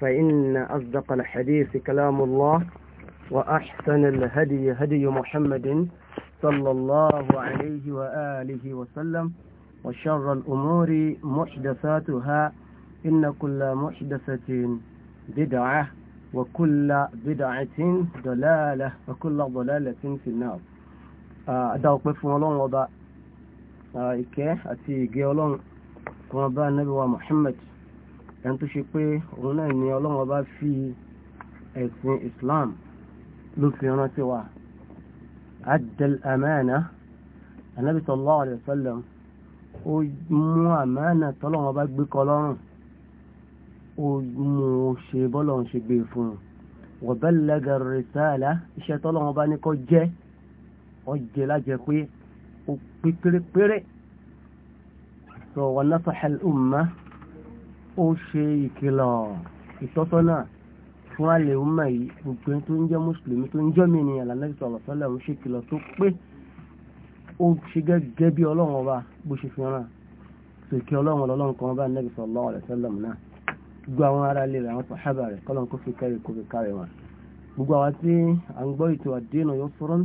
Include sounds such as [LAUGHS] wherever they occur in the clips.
فإن أصدق الحديث كلام الله وأحسن الهدي هدي محمد صلى الله عليه وآله وسلم وشر الأمور محدثاتها إن كل محدثة بدعة وكل بدعة ضلالة وكل ضلالة في النار آه، أدعو بفهم الله وضع إكيه أتي قيولون كما بقى النبي محمد ẹni tó ṣe pé òun náà ni ọlọ́run ọba fi ẹ̀sìn Islam ló fi rántí wa adal amana anabi sallallahu alayhi wa sallam ó mú àmánà tọ́lọ́run ọba gbé kọ́ lọ́rùn ó mú un ṣe bọ́lọ́run ṣe gbé e fún un wa ballaga iṣẹ́ tọ́lọ́run ọba ní kọ́ jẹ́ ọjẹ́ lájẹ pé ó pé pérépéré sọ wa nasaha al-umma ó ṣe ìkìlọ̀ ìtọ́sọ́nà fún àlẹ́ ọmọ yìí gbogbo tó ń jẹ́ mùsùlùmí tó ń jẹ́ mi nìyàn lànà ìsọ̀rọ̀ sọ́lẹ̀ ń ṣe ìkìlọ̀ tó pé ó ṣe gẹ́gẹ́ bí ọlọ́run ọba bó ṣe fi ràn sì kí ọlọ́run ọlọ́run kan bá nẹ́bí sallallahu alaihi wasallam náà gbogbo àwọn ará ilé rẹ̀ àwọn sàhábà rẹ̀ kọ́lọ́n kó fi kẹ́rì kó fi kárẹ̀ wọn. gbogbo àwọn tí a ń gbọ́ ètò àdéhùn yóò fọ́rọ́n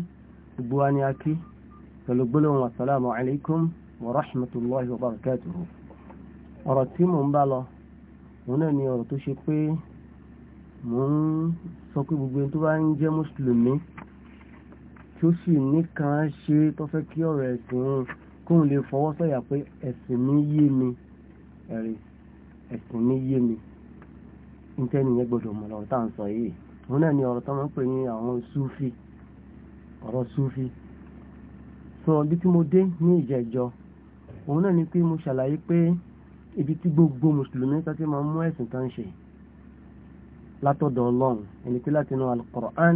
gbogbo wa ni a kí pẹ̀lú gbólóhùn assalamu alaikum wa rahmatullahi wa barakatuhu ọ̀rọ̀ tí mò ń bá lọ òun náà ni ọ̀rọ̀ tó ṣe pé mò ń sọ pé gbogbo ẹni tó bá ń jẹ́ mùsùlùmí tí ó sì nìkan ṣe tó fẹ́ kí ọ̀rọ̀ ẹ̀sìn òun kóun lè fọwọ́ sọ̀yà pé ẹ̀sìn mi yé mi ẹ̀rí ẹ̀sìn mi yé mi níta nìyẹn gbọdọ̀ mọ̀ lọ́rọ̀ tá à ń sọ yìí òun náà ni ọ̀rọ̀ tó máa ń pè ní àwọn súfì ọ̀rọ̀ súfì sọ ibi tí mo dé ní ìjẹ́jọ́ òun náà ni pé mo ṣàlàyé pé ibi tí gbogbo mùsùlùmí tó ti máa mú ẹ̀sìn tó ń ṣe látọ̀dọ̀ ọlọ́run ẹni pé látinú alukur'an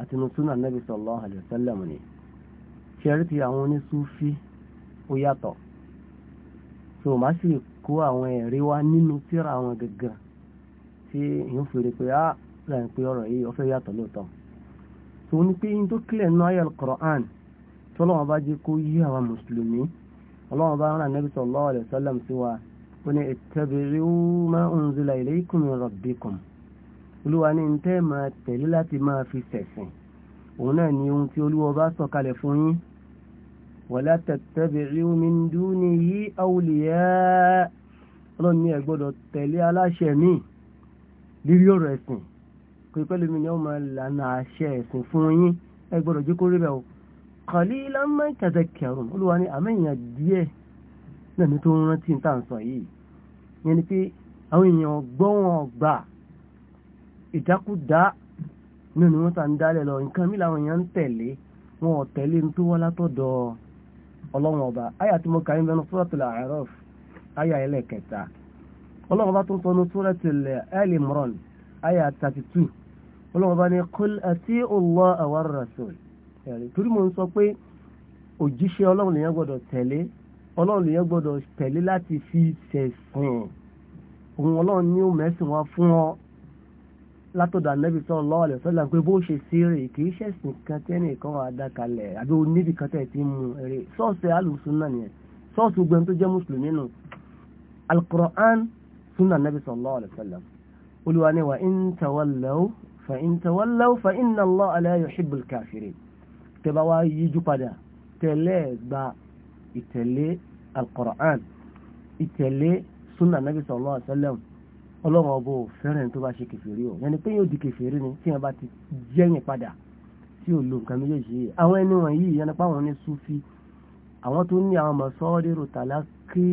àtinú sunna nabi sallallahu alayhi wa sallam ni ṣẹ́rí ti àwọn onísúfí ó yàtọ̀ tó o má sì kó àwọn ẹ̀rí wá nínú tíra àwọn gẹ̀gẹ̀ tí èèyàn fèrè pé á ah, lẹ́yìn pé ọ̀rọ̀ yìí ọ̀fẹ́ yàtọ̀ lóòótọ́ tó ní pé yín tó kílẹ̀ nínú ayé alukur'an tọ́lọ́wọ́n bá jẹ́ kó yí àwọn mùsùlùmí ọlọ́wọ́n bá rán nabi sallallahu alayhi wa sí wa wọ́n ní ittabi'u ma unzila ilaykum min rabbikum olúwa ní ní tẹ́ máa tẹ̀lé láti máa fi ṣẹ̀sìn òun náà ni ohun tí olúwa bá sọ̀kalẹ̀ fún yín wala tattabi'u min dunihi awliya ọlọ́run ní ẹ gbọ́dọ̀ tẹ̀lé aláṣẹ mi lírí ọ̀rọ̀ ẹ̀sìn pípẹ́ lómi ni wọ́n máa lànà àṣẹ ẹ̀sìn fún yín ẹ gbọ́dọ̀ kó rí bẹ́ẹ̀ o qalilan ma tadhakkarun olúwa ní àmẹ́yìn díẹ̀ náà ní tó ń rántí ní tà ń sọ yìí yẹn ni pé àwọn èèyàn gbọ́ wọn ìdákúdá nínú ni wọ́n ta ń dálẹ̀ lọ nǹkan mi làwọn èèyàn ń tẹ̀lé wọn ò tẹ̀lé ní tó wọ́n látọ̀dọ̀ ọlọ́run ọba àyà tí mo kà ń bẹnu Suratul A'raf àyà ẹlẹ́kẹta ọlọ́run ọba tó ń sọnu Suratul Ali Imran àyà thirty two ọlọ́run ọba ní qul ati'u Allah war rasul torí mo ń sọ pé òjíṣẹ́ ọlọ́run lèèyàn gbọ́dọ̀ ọlọ́run lèyàn gbọ́dọ̀ tẹ̀lé láti fi ṣẹ̀sìn hmm. òun ọlọ́run ní òmẹ́sìn wá fún ọ látọ̀dọ̀ ànábì sallallahu alaihi wasallam pé bó ṣe sí rè kì í ṣẹ̀sìn kan tẹ́nì kan àdákalẹ̀ àbí oníbì kan tẹ̀ ti mú rè sọ́ọ̀sì alùsùnà nìyẹn sọ́ọ̀sì gbẹ̀m tó jẹ́ mùsùlùmí nù al-Qur'an sunna ànábì sallallahu alaihi wasallam olùwà ni wà ìtẹ̀lé alkọ̀rán ìtẹ̀lé súnà nàbí sallallahu alaihi wasallam ọlọ́run ọbọ̀ fẹ́ràn tó bá ṣe kẹfìrí o yẹni pé yóò di kẹfìrí ni tí wọn bá ti jẹ́yìn padà tí ò lo nǹkan méjèèjì yìí àwọn ẹni wọ̀nyí yẹni pé àwọn ní sufi àwọn tó ní àwọn mọ̀sọ́ọ́dẹ́rò tàlá kí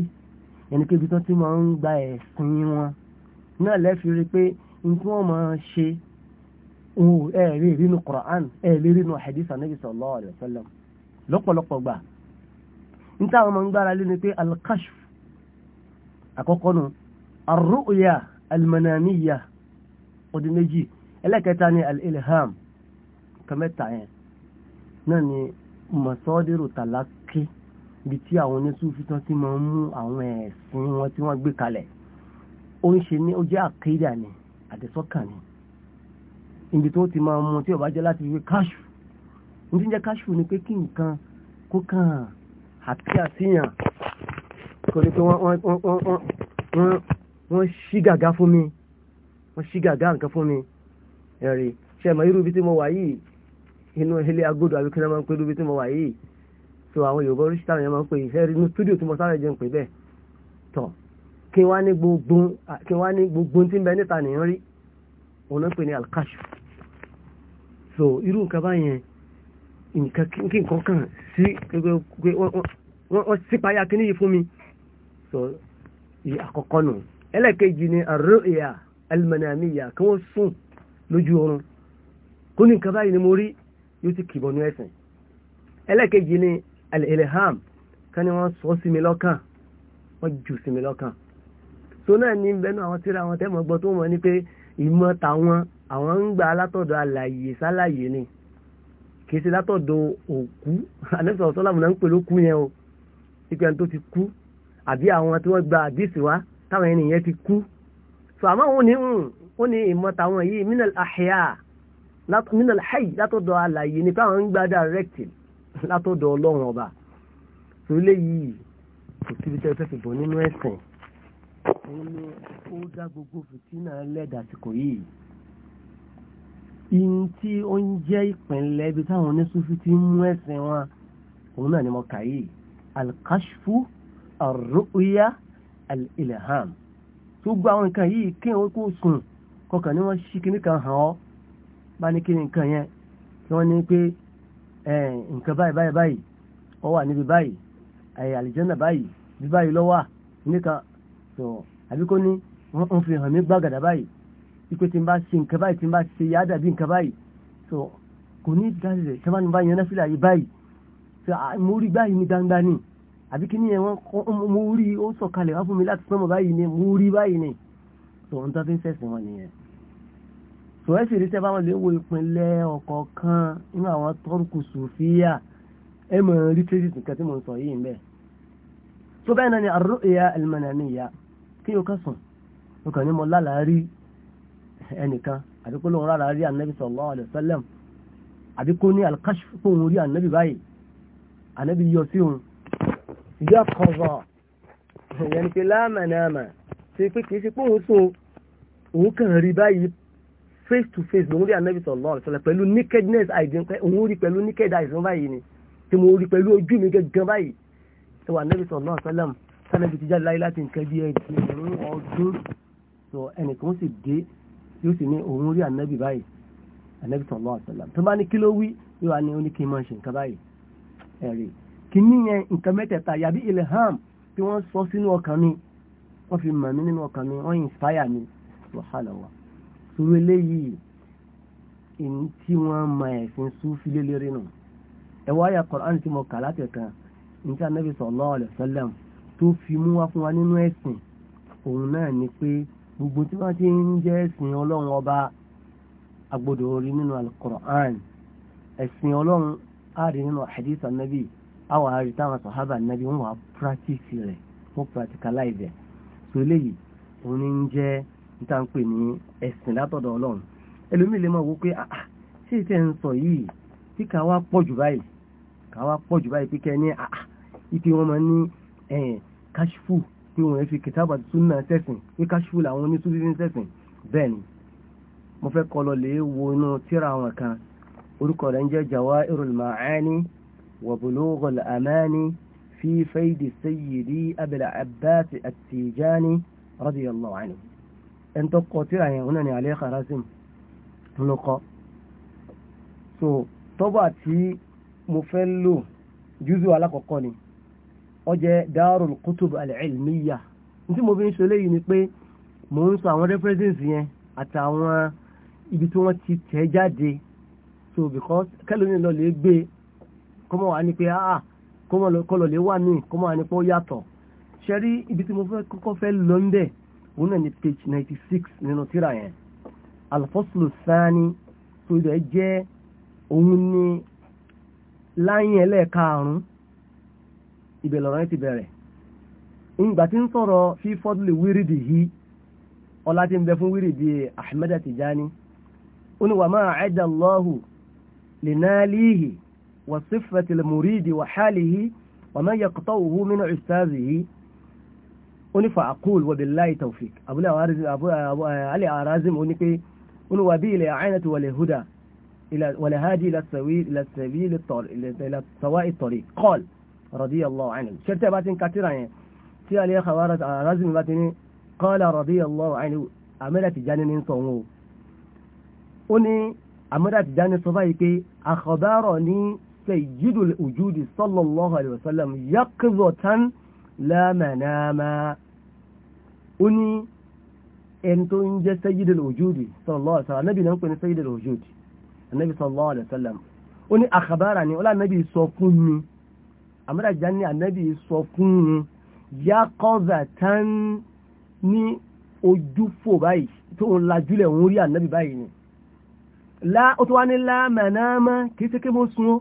yẹni pé ibi tó ti máa ń gba ẹ̀sìn wọn náà lẹ́fi pé nǹkan wọn máa ṣe ẹ rínú Qur'an ẹ rínú hadith anabi sallallahu níta àwọn ọmọ ń gbára lé ni pé alkashf àkọ́kọ́ nu arru'ya almanamiya odi méjì ẹlẹ́kẹta ni alilham kẹmẹ́ta yẹn náà ni masọ́dẹ̀rù tàlákì ibi tí àwọn oníṣúfì tán ti máa ń mú àwọn ẹ̀sìn wọn tí wọ́n gbé kalẹ̀ ó ń ṣe ní ó jẹ́ àkídà ni àdẹ́sọ́kàn ni ibi tó ti máa mú tí ó jẹ́ láti fi káṣù ní ti ń jẹ́ káṣù ni pé kí nǹkan kó kàn án àti àṣìyàn kò ní pé wọ́n ṣí gàgá fún mi wọ́n ṣí gàgá nǹkan fún mi ẹ̀rí ṣe mọ̀ irú ibi tí mo wà yìí inú ilé agodo àbí kíni máa ń pè irú ibi tí mo wà yìí so àwọn Yorùbá oríṣi táwọn yẹn máa ń pè ìfẹ́ rí inú túdíò tí mo sáré jẹun pè bẹ́ẹ̀ tọ̀ kí wá ní gbogbo kí wá ní gbogbo tí ń bẹ níta nìyẹn rí òun náà pè ní alkashu so irú nǹkan báyẹn nǹkan kí nǹkan kàn sí wọ́n sípayá kí níyìí fún mi sọ yìí àkọ́kọ́ nù ẹlẹ́ẹ̀kejì ni ar-ru'ya al-manamiyya kí wọ́n sùn lójú oorun kó ní nǹkan báyìí ni mo rí yóò ti kìbọnú ẹ̀sìn ẹlẹ́ẹ̀kejì ni al-ilham ká ni wọ́n sọ sí mi lọ́kàn wọ́n jù sí mi lọ́kàn so náà ní bẹnu àwọn tíra àwọn tẹ́mọ̀ gbọ́ tó mọ̀ ní pé ìmọ̀ tàwọn àwọn ń gbà látọ̀dọ̀ kìí ṣe látọ̀dọ̀ òkú anẹ́sọ̀ [LAUGHS] ọ̀sọ́làmù náà ń pè lókú yẹn o ipe ẹni tó ti kú àbí àwọn tí wọ́n gba àdìsí wa táwọn ẹni yẹn ti kú so àmọ́ òun ní òun mm, ní ìmọ̀ táwọn yìí minal ahya minal hayy látọ̀dọ̀ alàyè ni táwọn ń gba direct [LAUGHS] látọ̀dọ̀ ọlọ́run ọba so eléyìí kò síbi tẹ́ fẹ́ fi bọ̀ nínú ẹ̀sìn òun ni ó dá gbogbo fìtínà lẹ́dàsíkò ihun tí ó ń jẹ́ ìpínlẹ̀ ibi táwọn oníṣúfì ti mú ẹ̀sìn wọn òun náà ni mo kà yìí alkashfu arruya alilham tó gba àwọn nǹkan yìí kí wọn kó sùn kọkàn ni wọn ṣí kíní kan hàn ọ bá ní kíní nǹkan yẹn kí wọn ní pé nǹkan báyìí báyìí báyìí ọ wà níbi báyìí àlìjẹ́nà báyìí bí báyìí lọ́wọ́ àbíkó ní wọ́n fi hàn mí gbàgàdà báyìí ipe tí n bá ṣe nǹkan báyìí tí n bá ṣe yá dàbí nǹkan báyìí so kò ní ìdájọ́ rẹ̀ sábà ní bá yan náfìlà yìí báyìí so mo rí báyìí ní gbangba ni àbí kí nìyẹn wọn mo rí ó sọ̀kalẹ̀ wá fún mi láti sọ́mọ̀ báyìí ni mo rí báyìí ni so n tó fi ń fẹ̀sìn wọn nìyẹn so ẹ sì rí sẹ́fà wọn lè wo ìpínlẹ̀ ọ̀kọ̀ọ̀kan nínú àwọn tọ́rùkù sòfíà ẹ mọ̀ rí tẹ́sítì kan tí mo ń sọ yìí ń so bẹ́ẹ̀ náà ni ar-ru'ya al-manamiya kí yóò ká sùn mo kàn ní mo lálàá rí ẹnìkan àbí kó lóun rárá rí anabi sallallahu alayhi wa sallam àbí kó ní alkashf kó òun rí anabi báyìí anabi yọ sí òun ìyá kọ̀ọ̀bọ̀ ìyẹn ti láàmà náàmà ṣe pé kìí ṣe pé òun sùn òun kàn rí báyìí face to face lòun rí anabi sallallahu alayhi wa sallam pẹ̀lú nakedness àìdín pé òun rí pẹ̀lú naked àìsàn báyìí ni tí mo rí pẹ̀lú ojú mi gẹ́gẹ́ báyìí ṣe wà anabi sallallahu alayhi wa sallam sanabi ti jáde láyé sì dé yóò sì ní òun rí ànábì báyìí ànábì sallallahu alaihi wasallam tó bá ní kí ló wí yóò wá ní ó ní kí n máa ṣe nǹkan báyìí ẹ̀rí kìíní yẹn nǹkan mẹ́tẹ̀ẹ̀ta yàbí ilham tí wọ́n sọ sínú ọkàn mi wọ́n fi mọ̀ mí nínú ọkàn mi wọ́n inspire mi wàhálà wa sórí eléyìí ìní tí wọ́n mọ ẹ̀sìn súfì lélẹ́rì nù ẹ̀wọ́ àyà Qur'an tí mo kà láti kan níta Nabi sallallahu alaihi gbogbo tí wọ́n ti ń jẹ́ ẹ̀sìn ọlọ́run ọba agbọ́dọ̀ orí nínú alukur'an ẹ̀sìn ọlọ́run ààrẹ nínú hadith anabi àwọn ààrẹ táwọn wà ń níta ń pè ní ah ṣé ń sọ yìí tí ká wá pọ̀ jù báyìí ká wá pọ̀ jù báyìí pé ah wọn ní kashfu pé wọ́n fi kìtàbà súnà sẹ́sìn pé káṣífù làwọn oníṣúbí fi ń sẹ́sìn bẹ́ẹ̀ ni mo fẹ́ kọ́ lọ lè wo inú tíra àwọn kan orúkọ rẹ̀ ń jẹ́ Jawahirul Ma'ani wa Bulughul Amani fi faydi Sayyidi Abil Abbas At-Tijani radiyallahu anhu ẹni tó kọ tíra yẹn wọn ni alẹ́ karasim ló kọ́ so tọ́bà tí mo fẹ́ lò júzù alákọ̀ọ́kọ́ ni ó jẹ́ darul kutub al-ilmiya tí mo fi ń ṣe léyìí ni pé mo ń sọ àwọn references yẹn àtàwọn ibi tí wọ́n ti tẹ̀ jáde so because lọ lè gbé kọ́mọ wà ní pé ah, ah kọ́lọ̀ lè wà ní kọ́mọ wà ṣe rí ibi tí mo fẹ́ kọ́kọ́ fẹ́ lọ ń bẹ̀ náà six nínú tíra yẹn tó ibẹ̀ ibẹ̀ lọ́rọ̀ yẹn ti bẹ̀rẹ̀ ìgbà tí ń sọ̀rọ̀ fi fọ́dúlì wírìdì yìí ọlá tí ń bẹ fún wírìdì Ahmada Tijani ó ní wà máa ẹ̀dà lọ́hù lìnàlíhì wà sífẹ̀tì mùrídì wà hálìhì wà máa yẹkọtọ̀ òhù mínú ìsáàzì yìí ó ní fa àkúl wà billahi tawfiq abúlé alẹ́ arazim ó ní pé ó ní wà bí ilẹ̀ àìnàtì wà lè húdà wà lè hájì ilẹ̀ sàwí ilẹ̀ sàwí ilẹ̀ tọ̀rí kọ́ọ̀lù radiyallahu anhu ṣẹ́tẹ́ bá ti ń katira yẹn tí alẹ́ Khawarazmi ah, bá ti ní qala radiyallahu anhu Ahmad Tijani ní sọ wọn o ó ní Ahmad Tijani sọ báyìí pé akhbarani sayyidul wujudi sallallahu alayhi wa sallam yaqzatan la manama ó ní ẹni tó ń jẹ́ sayyidul wujudi sallallahu alayhi wa sallam anábì náà ń pè ní sayyidul wujudi anábì sallallahu alayhi wa sallam ó ní akhbarani ó lá àmọ́dájá ní ànábì sọ fún un yá kọ́ọ̀dà tán ní ojú fò báyìí tó ń lajúlẹ̀ òun rí ànábì báyìí ni lá ó tó wá ní lámànáàmá kì í ṣe kí mo sun ó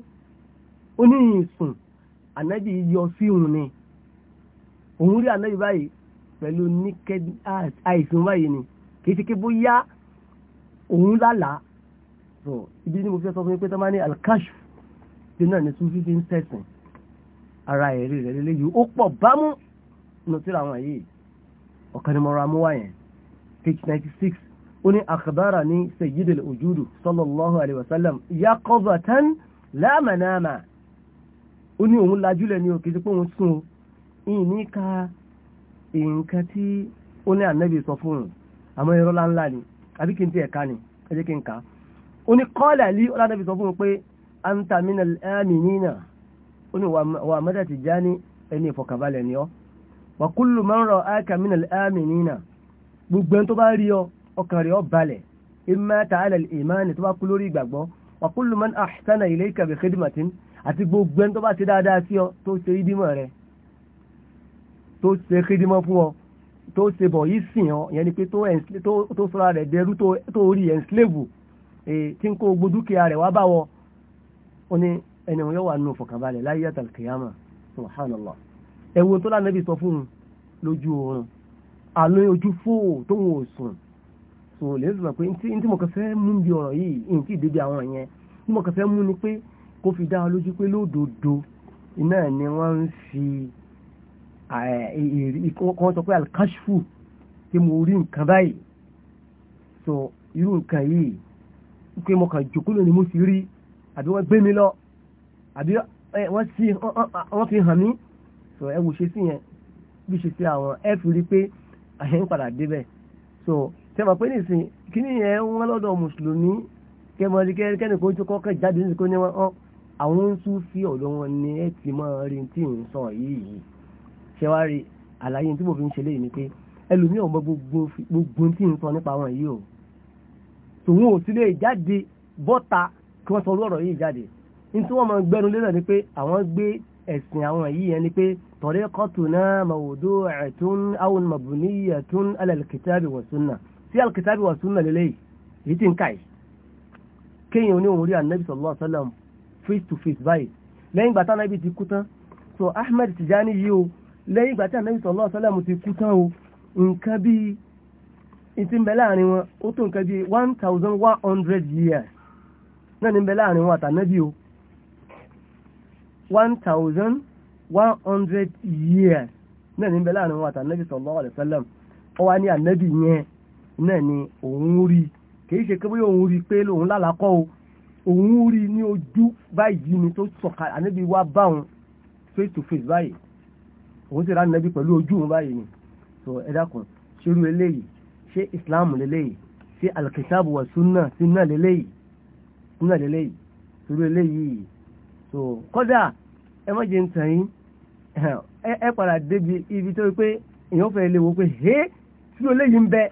ó ní ìsùn ànábì yọ sí òun ni òun rí ànábì báyìí pẹ̀lú níkẹ́ àìsàn báyìí ni kì í ṣe kí bóyá òun lálàá ibi ni mo fẹ́ sọ fún yín pé tó máa ní alkashf bí náà ní sunfífi ń tẹ̀sán ara ẹ̀rí rẹ̀ lélẹ́yìí ó pọ̀ bámú nù tí ra wọn yìí ọ̀kan ni mo ra mú wá yẹn page ninety six ó ní àkàbára ní sayyidul wujudu sallallahu alayhi wa sallam yaqazatan la manama ó ní òun lajúlẹ̀ ní òkè tí pé òun sùn ìní ka nǹkan tí ó ní ànábì sọ fún un àmọ́ irọ́ láńlá ni àbí kí n ti ẹ̀ka ni ẹ jẹ́ kí n kà á ó ní qala li ọlànàbì sọ fún un pé anta minal aminina ó ní wà Ahmada Tijani ẹni ìfọ̀kànbalẹ̀ ni ọ́ wà kullu man ra'aka min al-aminina gbogbo ẹni tó bá rí ọ ọkàn rẹ̀ ọ balẹ̀ imma ta'ala al-imani tó bá kú lórí ìgbàgbọ́ wà kullu man ahsana ilayka bi khidmatin àti gbogbo ẹni tó bá ti dáadáa sí ọ tó ṣe ìdímọ̀ rẹ̀ tó ṣe khidmọ̀ fún ọ tó ṣe bọ̀ yìí sìn ọ yẹn ni pé tó sọ́ra rẹ̀ dẹrú tó rí ẹ̀ ń slave tí ń kó gbogbo dúkìá rẹ̀ wá báwọ̀ ó ní ẹni wọn yóò wà nù fọkànbalẹ̀ láyé àtàlùkìyàmà subhanallah ẹ̀wò tó lánàbì sọ fún un lójú oorun àlọ́ ojú fò tó ń wò sùn sùn lè sọ pé ní tí mo kàn fẹ́ mú bí ọ̀rọ̀ yìí ní tí ìdíbi àwọn yẹn ní mo kàn fẹ́ mú ni pé kó fi dá ọ lójú pé lódodo iná ni wọ́n ń fi wọ́n sọ pé alkashfu tí mo rí nǹkan báyìí so irú nǹkan yìí pé mo kàn jòkó lónìí mo sì rí àbí wọ́n gbé mi lọ àbí wọ́n sí wọ́n fi hàn mí so ẹ wò ṣe sí yẹn bí ṣe sí àwọn ẹ fi rí pé àyẹ̀ ń padà débẹ̀ so ṣe mọ̀ pé nìsín kí ni yẹn wọ́n lọ́dọ̀ mùsùlùmí kẹmọ́rí kẹ́ni kó tó kọ́kọ́ jáde ní kó ní wọ́n àwọn ń sún sí ọ̀dọ̀ wọn ni ẹ ti mọ́ rí tí ń sọ yìí ṣe wá rí àlàyé tí mo fi ń ṣe léyìí ni pé ẹlòmíràn mọ gbogbo tí ń sọ nípa wọn yìí o tòun ò sí lè jáde bọ́ta kí wọ́n sọ orú ọ̀rọ̀ yìí jáde ní tí wọ́n máa gbẹ́nu lé náà ni pé àwọn gbé ẹ̀sìn àwọn yìí yẹn ni pé tariqatuna mawdu'atun aw mabniyatun ala al-kitabi wa sunnah sí al-kitabi wa sunnah lélẹ́yìí èyí tí ń kà yìí kéèyàn oníhùn rí anabi sallallahu alaihi face to face báyìí lẹ́yìn ìgbà tí anabi ti kú tán so ahmed tijani yìí o lẹ́yìn ìgbà tí anabi sallallahu alaihi wasallam ti kú tán o nǹkan bíi ìtì ń bẹ láàrin wọn ó tó nǹkan bíi one thousand one hundred years náà ní ń bẹ láàrin wọn àtànábì o one thousand one hundred years náà ní bẹ́ẹ̀ láàrin wọn àtànẹ́bí sallallahu alaihi wasallam ó wá ní ànẹ́bí yẹn náà ni òun rí kìí ṣe kébóyè òun rí pé lòun lálàkọ́ o òun rí ní ojú báyìí ni tó sọ̀ka ànẹ́bí wá bá face to face báyìí òun sì rá ànẹ́bí pẹ̀lú ojú òun báyìí ni so ẹ dákun ṣerú eléyìí ṣé islam leléyìí ṣé alkitabu wa sunna sunna leléyìí sunna leléyìí ṣerú eléyìí so kódà ẹ ma jẹ́ ń tàn yín ẹ padà débi ibi tó pé èèyàn fẹ́ lè wo pé hé tí o ń bẹ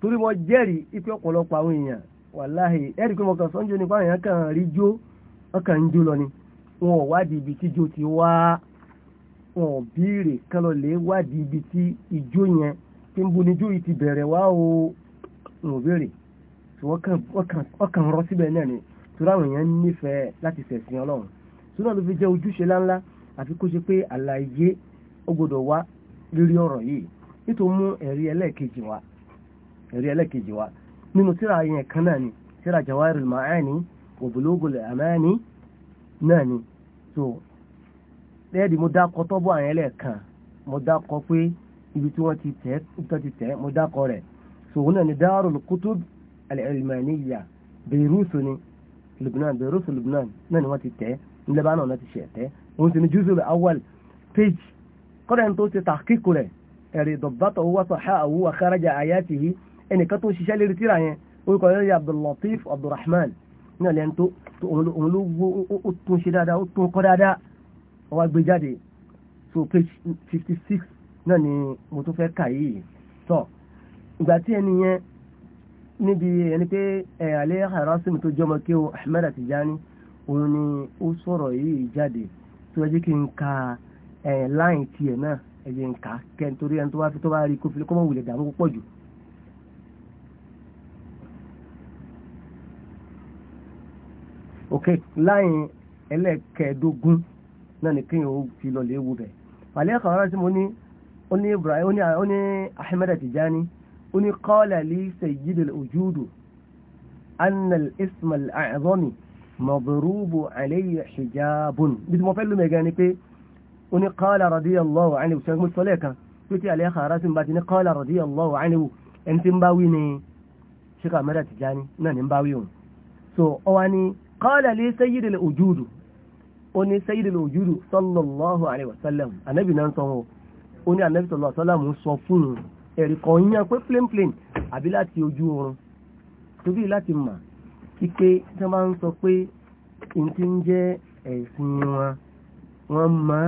torí mo jẹ́rìí ipe ọ̀pọ̀lọpọ̀ àwọn èèyàn wàláhì ẹ̀rí pé mo kàn sọ́njú nípa àwọn èèyàn kàn rí jó ọkàn ń jó lọ ni wọn ò wádìí ibi tí jó ti wá wọn ò kán lọ lè wádìí ibi tí ijó yẹn tí ń bu ni jó ti bẹ̀rẹ̀ sùúrù ló fi jẹ́ ojúṣe láńlá àfi kó ṣe pé àlàyé ó gbọdọ̀ wá lórí ọ̀rọ̀ yìí nítorí mú ẹ̀rí ẹlẹ́ẹ̀kejì wa ẹ̀rí ẹlẹ́ẹ̀kejì wa nínú tíra yẹn kan náà ni tíra Jawahirul Ma'ani wa Bulugul Amani náà ni so lẹ́ẹ̀dì mo dákọ̀ tọ́bọ̀ àyẹn lẹ́ẹ̀kan mo dákọ̀ pé ibi tí wọ́n ti tẹ̀ tó ti tẹ̀ mo dákọ̀ rẹ̀ so òun náà ni Darul Kutub al-Ilmaniyya Beirut ni Lebanon Beirut Lebanon náà ni wọ́n ti tẹ̀ ní lebanon náà ti ṣe ẹ̀tẹ́ òun sì ni juzul awal page kọ́dà ní tó ti tahqiq rẹ̀ ẹ̀rì dọ̀bátọ̀ owó sọ̀há àwú akhraja ayatihi ẹnìkan tó ṣiṣẹ́ lérí tíra yẹn orúkọ rẹ̀ yẹ abdullatif abdulrahman ní ọ̀lẹ́ tó òun ló wo ó tún ṣe dáadáa ó tún kọ́ dáadáa ọwọ́ gbé jáde so page fifty six náà ni mo tún fẹ́ kà yìí ìgbà tí ẹni yẹn níbi ẹni pé ẹ̀ alẹ́ harasim tó jọmọ kí o ahmed àtijani òun ni ó sọ̀rọ̀ yìí jáde tó ẹ jẹ́ kí n ka ẹ̀ láìn tiẹ̀ náà ẹ jẹ́ n kà kẹ́ nítorí ẹni tó bá fi tó bá rí kó fi kọ́ mọ̀ wulẹ̀ dààmú púpọ̀ jù. ok láìn ẹlẹ́kẹ̀ẹ́dógún náà ni kéèyàn ó fi lọlé wo bẹ̀. wàlẹ́ kan rárá tí mo ní ó ní Ibrahim ó ní Ahmed Tijani ó ní qala li sayyidul wujudu anna al-ism mọ̀gbùrúbù àlẹ́yìn hijabun bí mo fẹ́ lómi ẹ̀gẹ́ ni pé ó ní qala radiyallahu anhu ṣe mo sọ lẹ́ẹ̀kan pé tí àlẹ́ àkàrà sí ń bá ti ní qala radiyallahu anhu ẹni tí ń bá wí ni ṣíkà mẹ́ta Tijani náà ní ń bá wí òun so ọ wá ní qala li sayyidil wujudu ó ní sayyidil wujudu sallallahu alayhi wípé tí wọ́n bá ń sọ pé n ti ń jẹ́ ẹ̀sìn wọn wọ́n mọ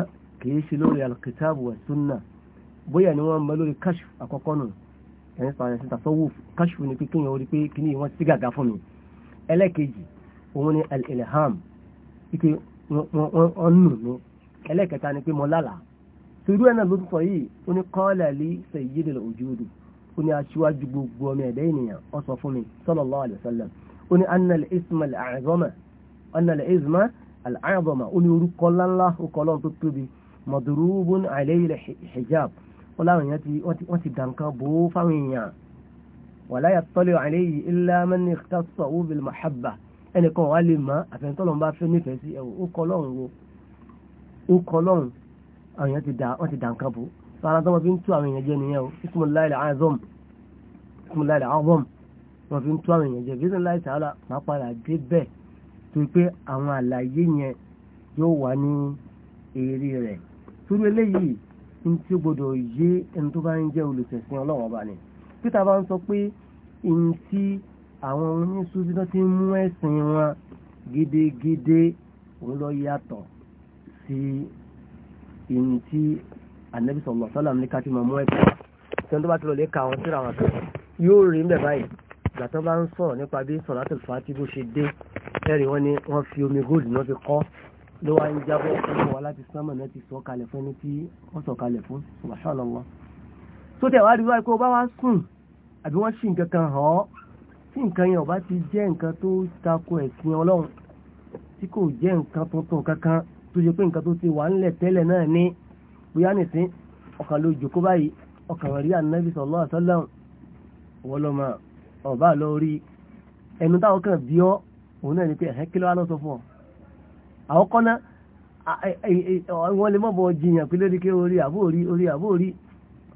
kìí ṣe lórí alkitabu wa sunna bóyá ni wọ́n mọ lórí kashf àkọ́kọ́ nù ẹ̀yìn sọ̀rọ̀ ẹ̀sìn tasawuf kashf ni pé kíyàn orí pé kíní wọ́n ti gàgà fún mi ẹlẹ́ẹ̀kejì òun ni al-ilham wọ́n nù mí ẹlẹ́ẹ̀kẹta ni pé mo lálàá torí ẹ̀ ló sọ yìí ó ní qala li sayyidil wujudi ó ní aṣíwájú gbogbo ọmọ ẹ̀dá ènìyàn ó sọ fún mi sallallahu alaihi ó ní anna al-isma al-a'zama anna al-isma al-a'zama ó ní orúkọ ńláńlá orúkọ ọlọ́run tó tóbi madrubun alayhi al-hijab ó láwọn èèyàn ti wọ́n ti dànkan bò ó fáwọn èèyàn wala yattali'u alayhi illa man ikhtassahu bil-mahabba ẹnìkan wà lè mọ́ àfẹ́ntọ́lọ́run bá fẹ́ nífẹ̀ẹ́ sí ẹ̀wọ̀ ó kọ́ lọ́run wo ó kọ́ àwọn èèyàn ti dà wọ́n ti dànkan bò ó tó wọ́n fi ń tú àwọn èèyàn jẹ́ nìyẹn o ismullahi al-azam ismullahi al-azam wọ́n fi ń tú àwọn èèyàn jẹ bí sọ́nà láìsí àlọ́ máa padà dé bẹ́ẹ̀ torí pé àwọn àlàyé yẹn yóò wà ní èrè rẹ̀ torí eléyìí ní tí ó gbọdọ̀ yé ẹni tó bá ń jẹ́ olùtẹ̀sìn ọlọ́wọ́n bá ní peter bá ń sọ pé ìyìn tí àwọn oníṣúbí tó ti mú ẹ̀sìn wọn gidigidi òun lọ yàtọ̀ sí ìyìn tí anabi sallallahu alaihi wasallam ká ti máa mú ẹ̀sìn tí wọ́n tó bá ti lọ lè ka àwọn síra wọn kan yóò rí ń bẹ̀ báyìí gbàtán bá ń sọ̀rọ̀ nípa bí sọ̀rọ̀tò fàtí bó ṣe dé ẹ̀rì wọn ni wọ́n fi omi gold náà fi kọ́ ló wá ń jábọ́ ọmọ wa láti sánmà náà ti sọ kalẹ̀ fún ẹni tí wọ́n sọ kalẹ̀ fún subhanallah tó tẹ̀ wá rí wáyé pé ó bá wá sùn àbí wọ́n ṣì nǹkan kan hàn ọ́ tí nǹkan yẹn ò bá ti jẹ́ nǹkan tó tako ẹ̀sìn ọlọ́run tí kò jẹ́ nǹkan tuntun kankan tó ṣe pé nǹkan tó ọ̀bá lọ rí ẹnu táwọn kan bí ọ́ òun náà ni pé ẹ̀hẹ́ kí ló wá lọ sọ fún ọ. àwọn kọ́ná wọn lè mọ̀bọ̀ jiyàn pé lórí kí orí àbó orí orí àbó orí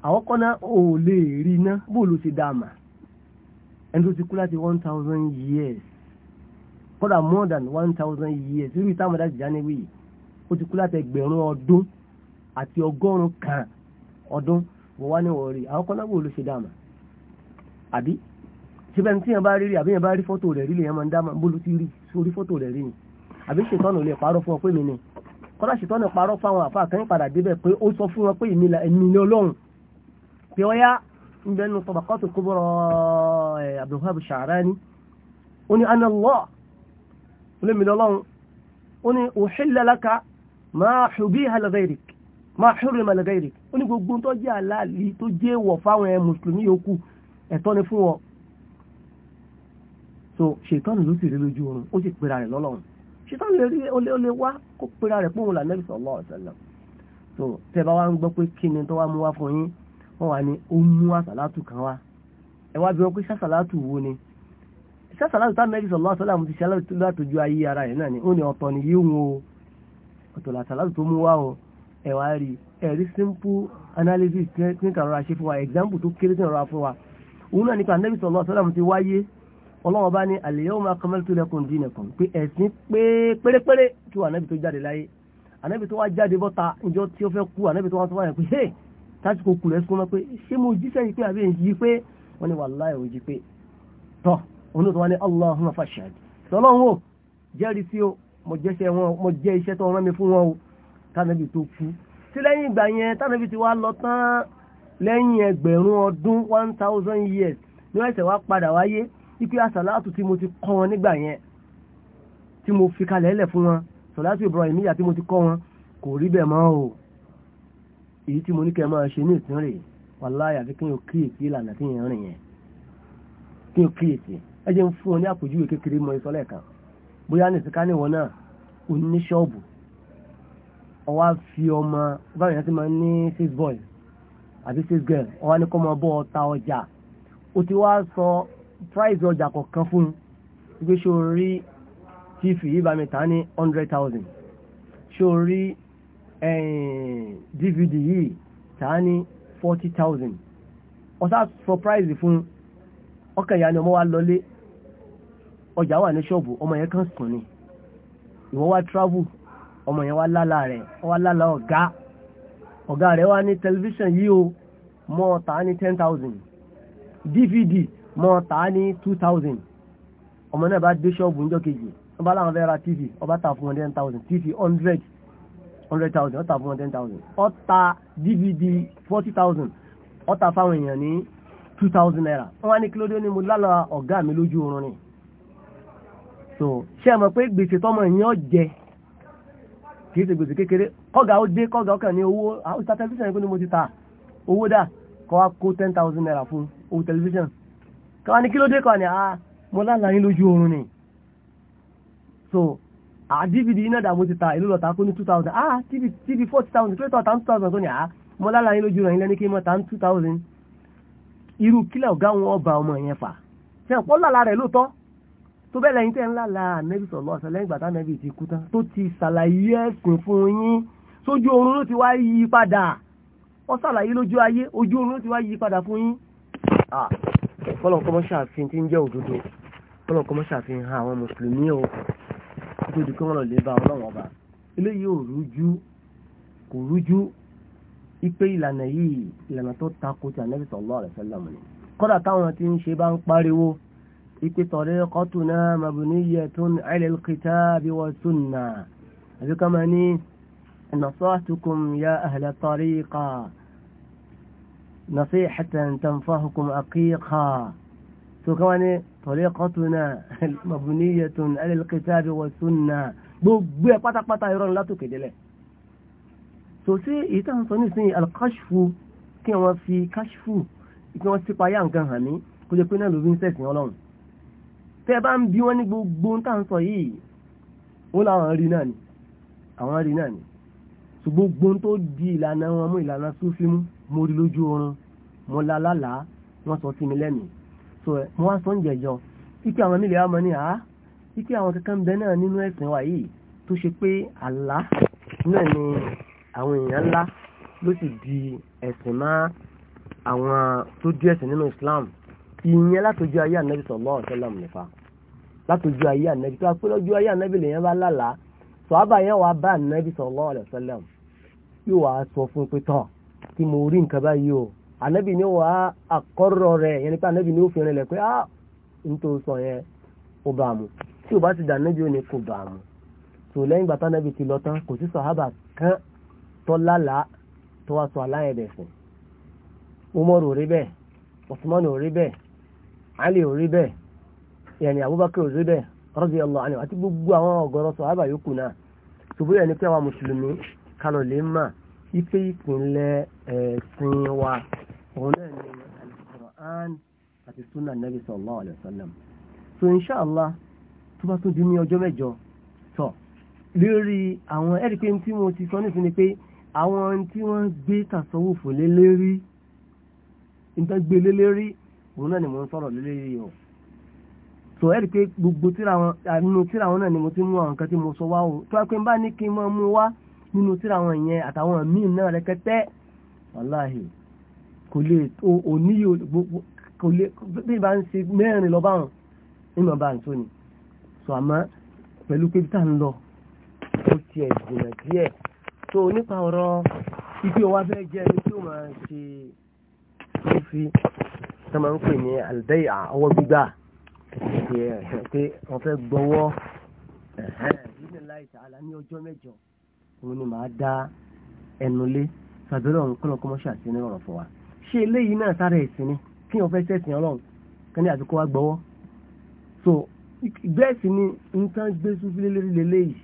àwọn kọ́ná ò lè rí iná bóòlù ti dá ẹni tó ti kú láti one thousand years kódà more than one thousand years irú ìtàn àmọ́dá jìjà ní wíyì ó ti kú láti ẹgbẹ̀rún ọdún àti ọgọ́rùn-ún kan ọdún wọ́n wá ní wọ́n rí àwọn kọ́ná bóòlù ti dá àbí síbẹ̀ ní tí yẹn bá rí rí àbí yẹn bá rí fọ́tò rẹ̀ rí lè yẹn máa ń dá máa ń bólú ti rí sórí fọ́tò rẹ̀ rí ni àbí ṣètọ́nù lè parọ́ fún ọ pé mi ni kọ́lá ṣètọ́nù parọ́ fáwọn àfa àkànyìn padà débẹ̀ pé ó sọ fún wọn pé èmi ni ọlọ́run pé ọ yá ń bẹ nu Tabaqatul Kubra Abdulwahab Sha'rani ó ní ana Allah olómi lọ́lọ́run ó ní uhilla laka ma hubiha li ghayrik ma ó ní gbogbo tó jẹ́ àlàálì tó jẹ́ wọ̀ fáwọn mùsùlùmí yòókù ẹ̀tọ́ ni fún wọn so ṣètọ́nù ló sì rí lójú oorun ó sì pera rẹ̀ lọ́lọ́run ṣètọ́nù lè rí ó lè wá kó pera rẹ̀ pé òun là nẹ́bí sallallahu alaihi wasallam so tẹ́ bá wá ń gbọ́ pé kí ni tó wá mú wá fún yín wọ́n wà ní ó mú àsàlátù kan wá ẹ wá bí wọ́n pé sàsàlátù wo ni sàsàlátù tá nẹ́bí sallallahu alaihi wasallam ti ṣe látòjú ayé ara rẹ̀ náà ni ó ní ọ̀tọ̀ ni yíwọ̀n o ọ̀tọ̀ làsàlátù tó mú wá o ẹ wá rí ẹ̀rí simple analysis ní kàrọ̀ra ṣe fún wa example tó kéré sí ọ̀rọ̀ fún wa òun náà nípa nẹ́bí sallallahu alaihi wasallam ti wáyé ọlọ́wọ́ bá ní al-yawma akmaltu lakum dinakum pé ẹ̀sìn pé pérépéré kí wà nábì tó jáde láyé ànábì tó wá jáde bọ́ta ìjọ tí ó fẹ́ kú ànábì tó wá sọ́wọ́ yẹn pé hey tásìkò kù rẹ̀ súnmọ́ pé ṣé mo jíṣẹ́ yìí pé àbí èyí yìí pé wọ́n ní wallahi ò jí pé tọ́ onótò wá ní Allahumma fashhad sọlọ́run o jẹ́rìí sí o one thousand years ní wọ́n ṣẹ̀ wá padà wáyé ipe àsàlátù tí mo ti kọ́ wọn nígbà yẹn tí mo fi kalẹ̀ ẹlẹ̀ fún wọn sọ̀látù Ibrahimiyya tí mo ti kọ́ wọn kò rí bẹ́ẹ̀ mọ́ o èyí tí mo ní kẹ́ máa ṣe ní ìtún rè wàláhì àfi kí n ò kíyèsí ìlànà tí yẹn rìn yẹn kí n ò kíyèsí ẹ jẹ́ ń fún wọn ní àpèjúwe kékeré mọ ìsọ́lẹ̀ kan bóyá nìsíká níwọ̀ náà ò ní ṣọ́ọ̀bù ọwá fi ọmọ báwọn èèyàn ti máa ní six boys àbí six girls ọwá ní kọ́ máa bọ́ ọ ọjà ó ti wá sọ price ọjà kọ̀ọ̀kan fún un wípé ṣé o rí tífì yìí bá ní hundred thousand ṣé rí dvd eh, yìí tà ní forty thousand ọ̀sá surprise fún un ọkàn ìyá ni ọmọ wa lọlé ọjà wà ní ṣọ́ọ̀bù ọmọ yẹn kan sùn ni ìwọ wá travel ọmọ yẹn wá lálà rẹ̀ wá lálà ọ̀gá ọ̀gá rẹ̀ wá ní tẹlifíṣàn yìí o mọ́ ọ̀tá ní ten thousand dvd mọ́ ta ní two thousand ọmọ náà bá dé ṣọ́ọ̀bù níjọ́ kejì wọ́n bá láwọn fẹ́ ra tv ọba ta fún wọn ten thousand tv hundred hundred thousand ọ̀tà fún wọn ten thousand ọ̀tà dvd forty thousand ọ̀tà fáwọn èèyàn ní two thousand naira wọ́n wá ní kílódé ní mo lálọ́ ọ̀gá mi lójú oorun ni so ṣé ẹ mọ̀ pé gbèsè tọmọ yẹn ọ̀ jẹ kìí ṣe gbèsè kékeré kọ́gà ó dé kọ́gà ọkàn ní owó àwọn tẹlifíṣàn yẹn pé ni mo ti ta owó dà kọ́ wa kó ten thousand naira fún owó tẹlifíṣàn káwọn ni kí ló dé kan ní a ah, mo lálàá yín lójú oorun ni so a dvd iná dàbò ti ta ìlú lọ́ta kó ní two thousand ah tv tv 4000, thousand kí ló tọ̀ ta two thousand tó ní a ah, mo lálàá yín lójú oorun lẹ́ni kí mo ta two thousand irú kílẹ̀ ọ̀gá wọn ọba ọmọ yẹn fà ṣe ọ̀pọ̀ lálàá rẹ̀ lóòótọ́ tó bẹ́ẹ̀ lẹ́yìn tẹ́ ń lálàá nẹ́bí sọ̀lọ́ ọ̀sẹ̀ lẹ́yìn gbàtà nẹ́bí ti kú tán tó ti ṣàlàyé ẹ̀sìn fún yín sójú oorun ló ti wá yí padà ó lójú ayé ojú oorun ló ti wá yí padà fún yín. Ah kọ́lọ̀n kọ́mọ́ ṣàfihàn tí ń jẹ́ òdodo kọ́lọ̀n kọ́mọ́ ṣàfihàn àwọn mùsùlùmí o tó di kí wọ́n lọ lè ba ọlọ́run ọba eléyìí ò rújú kò rújú ipe ìlànà yìí ìlànà tó takò tí ànábì sallallahu alaihi wasallam ni kọ́dà táwọn tí ń ṣe bá ń pariwo ipe tariqatuna mabniyyatun ala al-kitabi wa sunnah àbíkọ́ máa ní nasatukum ya ahla tariqa. نصيحة تنفعكم عقيقا سوكواني طريقتنا مبنية على الكتاب والسنة gbogbo ẹ pátápátá irọ́ ńlá tó kéde lẹ̀ so sí èyí tá à ń sọ nísìnyí alkashfu kí wọ́n fi kashfu kí wọ́n sípa yá nǹkan hàn mí kó jẹ́ pé náà ló fi ń sẹ̀sìn ọlọ́run tẹ́ ẹ bá ń bí wọ́n ní gbogbo tá à ń sọ yìí ó láwọn rí náà ni àwọn rí náà ni ṣùgbọ́n gbogbo tó di ìlànà wọn mú ìlànà Súfì mú mo rí lójú oorun mo la lálàá wọn sọ sí mi lẹ́mìí so mo wá sọ ń jẹjọ ike àwọn nílẹ̀ àmọ́ ni àá ike àwọn kankan bẹ náà nínú ẹ̀sìn wa yìí tó ṣe pé àlá náà ni àwọn èèyàn ńlá ló sì di ẹ̀sìn má àwọn tó di ẹ̀sìn nínú Islam ìyẹn látọjú ayé ànábì sallallahu alaihi wasallam nípa látọjú ayé ànábì tó apẹ́ lọ́jọ́ ayé ànábì lèèyàn bá lálàá sọ́ọ́bà yẹn wàá bá ànábì sallallahu alaihi wasallam yóò wàá sọ fún pé tán tí mo rí nǹkan báyìí o ànábì ni wàá àkọ́rọ̀ rẹ̀ yẹn ni pé ni ó fi rinlẹ̀ pé á sọ yẹn ó bá o bá ti dà ànábì ò ní bá a gbata tò lẹ́yìn gbàtà ti sọ aláyẹ̀ fún Umar ò rí bẹ́ẹ̀ ò rí bẹ́ẹ̀ Ali ò rí bẹ́ẹ̀ Abubakar ò radiyallahu anhu àti gbogbo àwọn ọ̀gọ̀rọ̀ sàhábà yòókù náà ṣùgbọ́n yẹn ni pé àwọn mùsùlùmí kálọ̀ lè mà ipe ìpínlẹ̀ ẹ̀sìn wa òun náà ni al-Qur'an àti sunna nabi sallallahu alayhi wa sallam so inshàlá tó bá tún di ní ọjọ́ mẹ́jọ sọ lórí àwọn ẹ̀rí pé tí mo ti sọ nísìnyí ni pé àwọn tí wọ́n gbé tasawufu lé lérí ìtàn gbé lé lérí òun náà ni mo ń sọ̀rọ̀ lé lérí o so ẹ̀rí pé gbogbo tíra nínú tíra wọn náà ni mo ti mú àwọn nǹkan tí mo sọ wá o tó wá pé n bá ní kí n máa mú wá nínú tíra wọn yẹn àtàwọn míì náà rẹ́kẹ́tẹ́ wàláhì kò lè oníyì kò lè bí ìbá ń ṣe mẹ́rin lọ báwọn nínú ọba àǹtó ni so àmọ́ pẹ̀lú pé bí tá ń lọ ó tiẹ̀ jìnà díẹ̀ so nípa ọ̀rọ̀ ibi òwa fẹ́ jẹ́ ẹni tí ó máa ṣe tó fi tó máa ń pè ní àlùbẹ́yà ọwọ́ gbígbà pé ẹ̀ pé wọ́n fẹ́ gbọ́wọ́ ìdílé láì sàálà ní ọjọ́ mẹ́jọ òun ni màá dá ẹnu lé sàbẹ̀rẹ̀ ọ̀hún kọ́nà kọ́mọ́ ṣàṣì ní ọ̀rọ̀ fún wa ṣé eléyìí náà sára ẹ̀sìn ni kí wọ́n fẹ́ sẹ́sìn ọlọ́run kẹ́ni àti kó wá gbọ́wọ́ so bẹ́ẹ̀ sì ni nǹkan gbé súnfílẹ̀ lérí lélẹ́yìí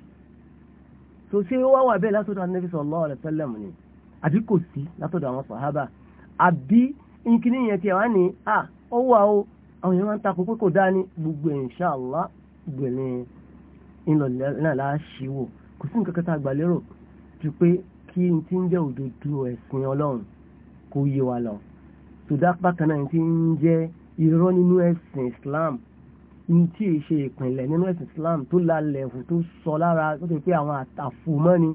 so ṣé wá wà bẹ́ẹ̀ látọ̀dọ̀ Ànábì sallallahu alaihi wasallam ni àbí kò sí látọ̀dọ̀ àwọn sàhábà àbí nkíní yẹn ti ẹ̀ wá ní à ọwọ́ àwọn àwọn èèyàn máa ń takò pé kò dáa ní gbogbo insha Allah gbẹ̀lẹ̀ ìlọ̀lẹ̀ náà láṣìwò kò sí nǹkan kẹta àgbàlérò ju pé kí n ti ń jẹ́ òdodo ẹ̀sìn ọlọ́run kó yé wa lọ tòdá bákan náà ti ń jẹ́ irọ́ nínú ẹ̀sìn Islam ní tí èyí ṣe ìpìnlẹ̀ nínú ẹ̀sìn Islam tó lálẹ́ ẹ̀fù tó sọ lára tó ti pé àwọn àfòmọ́ni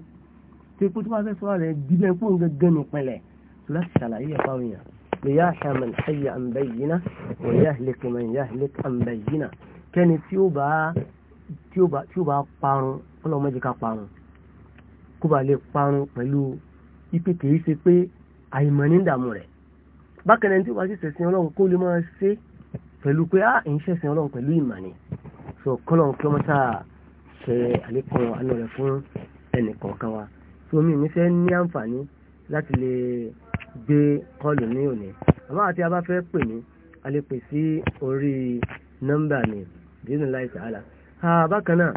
tí pé tó bá fẹ́ sọ́ra rẹ̀ dídẹ́ pò ń gẹ́gẹ́ nípìnlẹ̀ tó láti ṣàlàyé ẹ̀fáwọn èèyàn pèyàṣà man hayya an bayyina wa yahlik man yahlik an bayyina kẹ́ni tí ó bá tí ó bá tí ó bá parun ọlọ́mọdé ká parun kó bá lè parun pẹ̀lú ipe kìí ṣe pé àìmọ̀ ní ìdààmú rẹ̀ bákan ẹni tí ó bá sì ṣẹ̀sìn ọlọ́run kó lè máa ṣe pẹ̀lú pé á ah, ń ṣẹ̀sìn ọlọ́run pẹ̀lú ìmọ̀ ni so kọ́lọ́run kí wọ́n sáà ṣe àlékún àánú rẹ̀ fún ẹnì kọ̀ọ̀kan wa tí omi mi fẹ́ ní àǹfààní láti lè gbé kọlù ní òní àmọ́ àti abá fẹ́ pè mí a lè pè sí orí nọ́mbà mi jésù láì sàálà bákan náà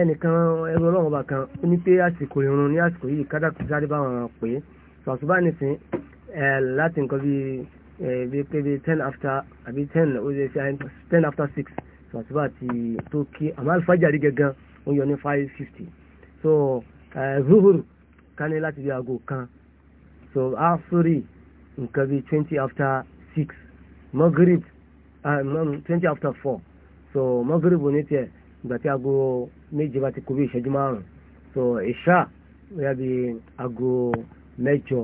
ẹnìkan ẹrú ọlọ́run ọba kan ó ní pé àsìkò ìrun ní àsìkò yìí kádà kò sáré bá wọn pè é sọ̀túbà nìsín láti nǹkan bíi bíi pé bíi ten after àbí ten ó lè ṣe ten after six sọ̀túbà ti tó kí àmọ́ àlùfájàrí gangan ó yọ ní five fifty so zuhur ká ní láti bí aago kan so asuri nǹkan bíi twenty after six magrib ah, twenty after four so magrib ní tiẹ̀ ìgbà tí aago méje bá ti kú bí so Isha bóyá bíi aago mẹ́jọ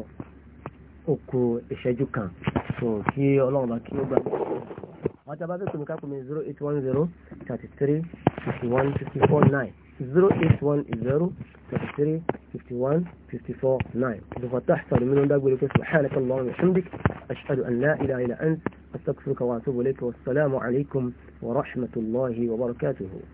ó kù ìṣẹ́jú kan so kí ọlọ́run bá kí ó gbà wọ́n ti bá fẹ́ pèmí zero eight one zero thirty three fifty one fifty four nine. 0810-53-51-54-9 08103351549 سوف تحصل منهم ده يقول لك سبحانك اللهم وبحمدك أشهد أن لا إله إلا أنت أستغفرك وأتوب إليك والسلام عليكم ورحمة الله وبركاته